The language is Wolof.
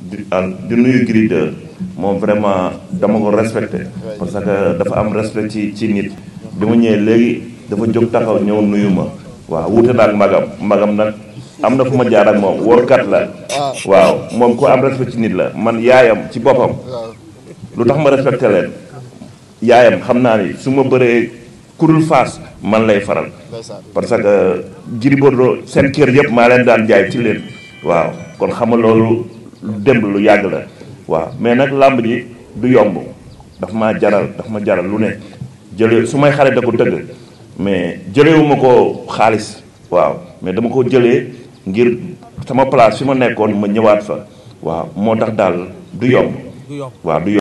di di nuyu Gris moom vraiment dama ko respecté parce que dafa am respect ci nit bi ma ñëwee léegi dafa jóg taxaw ñëw nuyu ma waaw wuute naag magam magam nag am na fu ma jaar ak moom wóorkat la waaw moom ku am respect ci nit la man yaayam ci boppam lu tax ma respecté leen yaayam xam naa ni su ma bëree kurul faas man lay faral parce que Gris Bordeaux seen kër yëpp maa leen daan jaay ci leen waaw kon xam loolu lu démb lu yàgg la waaw mais nag làmb ji du yomb daf maa jaral daf ma jaral lu ne jële su may xale da ko tëgg mais jëlewuma ko xaalis waaw mais dama ko jëlee ngir sama place fi ma nekkoon ma ñëwaat fa waaw moo tax daal du yomb waaw du yomb